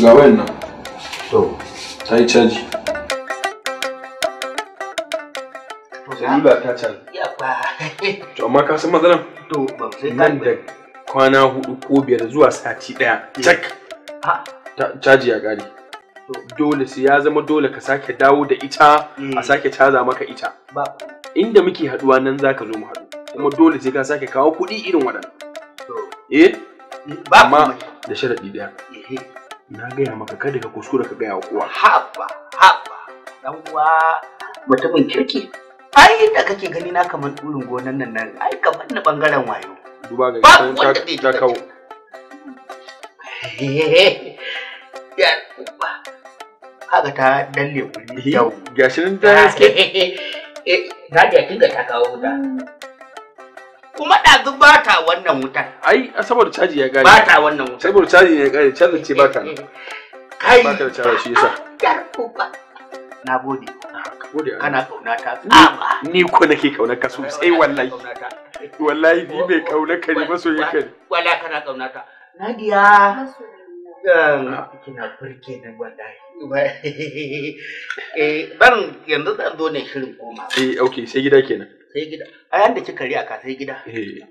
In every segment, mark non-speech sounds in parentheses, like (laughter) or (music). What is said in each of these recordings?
ga wayan nan to ta yi caji Salula ta can. (laughs) To amma ka san matsalan? To nan da kwana hudu ko biyar zuwa sati daya. Cak. Caji ya gari. Dole sai ya zama dole ka sake dawo da ita a mm. sake caza maka ita. Inda muke haduwa nan zaka zo mu haɗu. Kuma dole sai ka sake kawo kuɗi irin waɗannan. Eh? Ba. Amma da sharaɗi ɗaya. na gaya maka kada ka kuskura ka gaya wa kowa haba haba dan uwa mutumin kirki ai da kake gani na kamar tulun gonan nan nan ai kamar na bangaren wayo duba ga ta kawo ya haka ta dalle kulli yau gashi ta haske na ga kinga ta kawo ta kuma ɗazu ba ta wannan wutar. Ai, saboda caji ya gane. Ba ta wannan wutar. Saboda caji ya gane, cajin ce ba ta nan. Kai. Ba ta caji shi yasa. Na gode. Kana kauna ta. Ni ko nake kauna ka sosai wallahi. Wallahi ni mai kauna ka ne maso ka ne. Wallahi kana kauna ta. Nadia. Kina burge ni wallahi. Eh, ban yanzu zan zo ne shirin koma. Eh, okay, sai gida kenan. sai gida a yanda kika ri aka sai gida eh.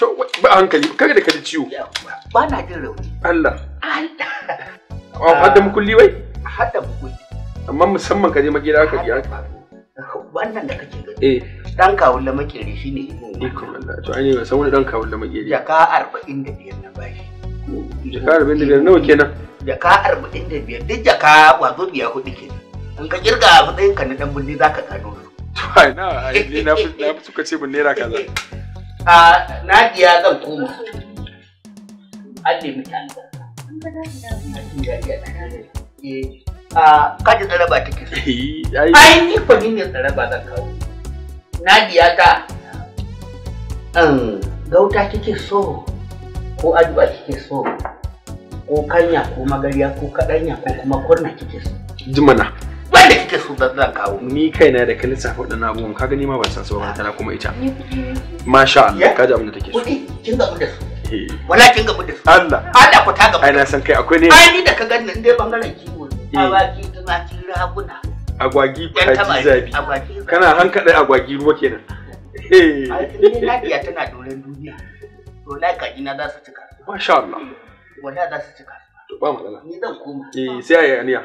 to ba hankali kaga da kaji ciwo ba na jin rauni Allah Allah hadda mukulli wai hadda mukulli amma musamman ka je magida aka ji wannan da kake gani eh dan kawun da makere shine ikon Allah to ai ne san wani dan kawun da makere jaka 45 na bashi jaka 45 nawa kenan jaka 45 duk jaka wazo biya hudu kenan in ka kirga matsayin ka na dan bundi zaka gano su ai na ai na fi na fi suka ce mun naira kaza a na biya zan koma Allah eh, mutane a kaji tsaraba take eh, ai ni fa ni ne tsaraba zan kawo Nadiya ta um, gauta kike so ko aduba kike so ko kanya ko magarya ko kaɗanya ko kuma kurna kike so. Jimana. wanda kike so da zan kawo ni kaina da ka lissafa waɗannan abubuwan ka gani ma ban san su ba tana kuma ita masha Allah ka ji abin da take so kin gamu da su eh. wala kin gamu da su Allah Allah ku ta gamu ai na san kai akwai ne ai ni da ka gani dai bangaren kiwo eh. awaki tumaki raguna agwagi kaji zabi kana hankaɗin agwagi ruwa kenan eh lafiya tana doren duniya to na kaji na za su cika masha Allah wala za su cika to ba matsala ni zan koma eh sai ayi aniya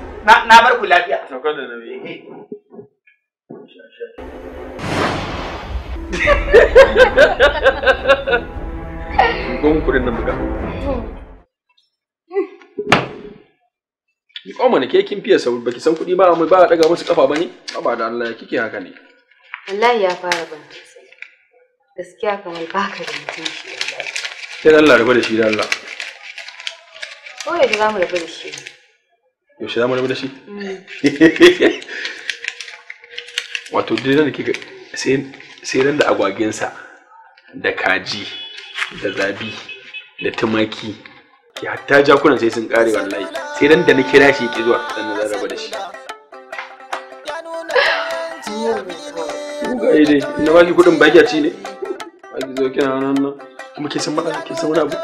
na na bar ku lafiya saukar da nauyi Gon kudin nan buga. Ni koma ne ke kin fiye sau baki san kuɗi ba mai ba daga musu kafa bane? Ba da Allah kike haka ne. Wallahi ya fara ban Gaskiya kamar baka da mutunci. Sai Allah rabu da shi da Allah. Ko ya za mu rabu da shi. yaushe za mu rabu da shi (laughs) wato duk da kika sai ran da agwagensa da kaji da zabi da tumaki ki hatta jakunan sai sun kare wallahi sai ran da na kira shi yake zuwa sannan zan raba da shi Mugaye dai, ina baki kudin baki a ci ne? Baki zo kina nan nan. Kuma ke san matsala, ke san wani abu?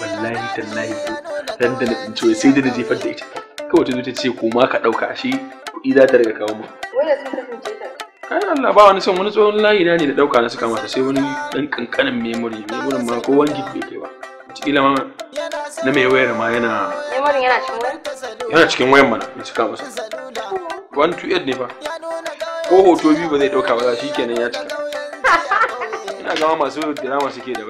Wallahi tallahi ko ran da na ciwo sai da na jefar da ita. kawai ta zo ta ce ko ma ka ɗauka shi kuɗi za ta riga kawo mu. Wanda sun kasance ta. Kai Allah ba wani son wani tsohon layi na ne da ɗauka na suka mata sai wani ɗan ƙanƙanin memory memory ma ko wani gig bai kai ba. Wataƙila ma na mai wayar ma yana. Memory yana cikin wayar? Yana cikin wayar mana ya suka masa. One two eight ne fa. Ko hoto biyu ba zai ɗauka ba shi kenan ya cika. (laughs) Ina gama masu drama suke da